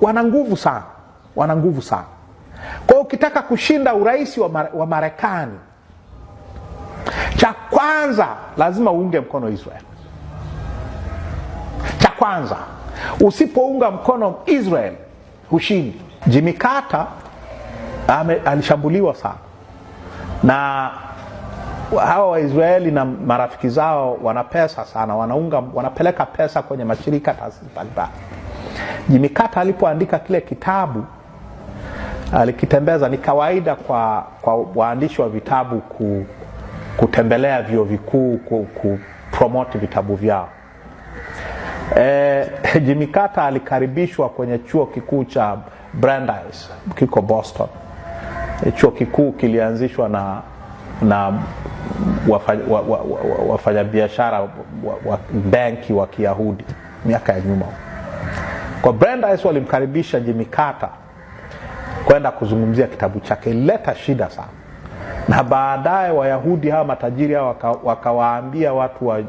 wana nguvu sana, wana nguvu sana. Kwa hiyo ukitaka kushinda urais wa Marekani, cha kwanza lazima uunge mkono Israel. Cha kwanza, usipounga mkono Israel hushindi. Jimmy Carter alishambuliwa sana na hawa Waisraeli na marafiki zao wana pesa sana, wanaunga wanapeleka pesa kwenye mashirika mbalimbali. Jimmy Carter alipoandika kile kitabu alikitembeza. Ni kawaida kwa, kwa waandishi wa vitabu ku, kutembelea vyuo vikuu ku, ku promote vitabu vyao. E, Jimmy Carter alikaribishwa kwenye chuo kikuu cha Brandeis kiko Boston. E, chuo kikuu kilianzishwa na na wafanyabiashara wa, wa, benki wa Kiyahudi miaka ya nyuma. Kwa Brenda walimkaribisha Jimmy Carter kwenda kuzungumzia kitabu chake, ilileta shida sana, na baadaye Wayahudi hawa matajiri hawa wakawaambia waka watu wa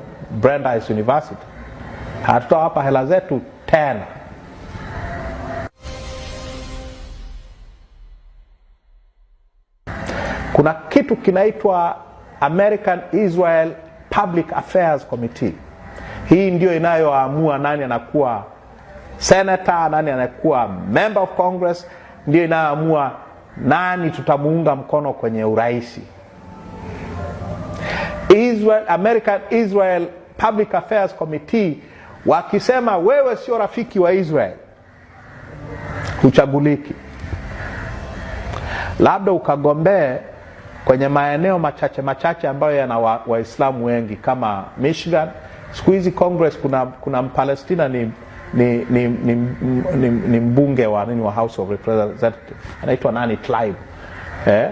Brenda University, hatutawapa hela zetu tena. Kuna kitu kinaitwa American Israel Public Affairs Committee. Hii ndio inayoamua nani anakuwa senator, nani anakuwa member of Congress, ndio inayoamua nani tutamuunga mkono kwenye uraisi. Israel, American Israel Public Affairs Committee wakisema wewe sio rafiki wa Israel, huchaguliki, labda ukagombee kwenye maeneo machache machache ambayo yana Waislamu wa wengi kama Michigan. Siku hizi Congress kuna, kuna Mpalestina ni, ni, ni, ni, ni, ni mbunge wa nini wa House of Representatives anaitwa nani Clive eh?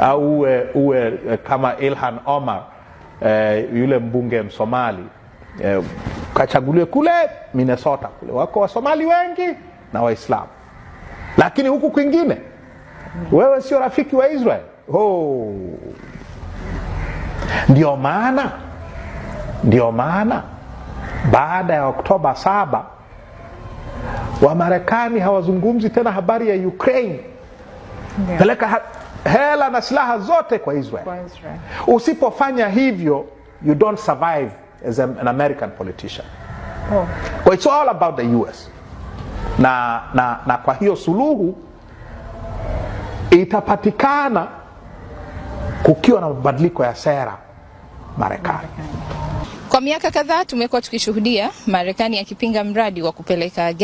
au uwe, uwe eh, kama Ilhan Omar eh, yule mbunge Msomali eh, kachaguliwe kule Minnesota kule, wako Wasomali wengi na Waislamu, lakini huku kwingine wewe sio rafiki wa Israel oh. Ndio maana ndio maana baada ya Oktoba saba Wamarekani hawazungumzi tena habari ya Ukraine. Yeah. Peleka hela na silaha zote kwa Israel. Kwa Israel. Usipofanya hivyo you don't survive as an American politician. Oh. It's all about the US. Na, na, na kwa hiyo suluhu itapatikana kukiwa na mabadiliko ya sera Marekani. Kwa miaka kadhaa tumekuwa tukishuhudia Marekani akipinga mradi wa kupeleka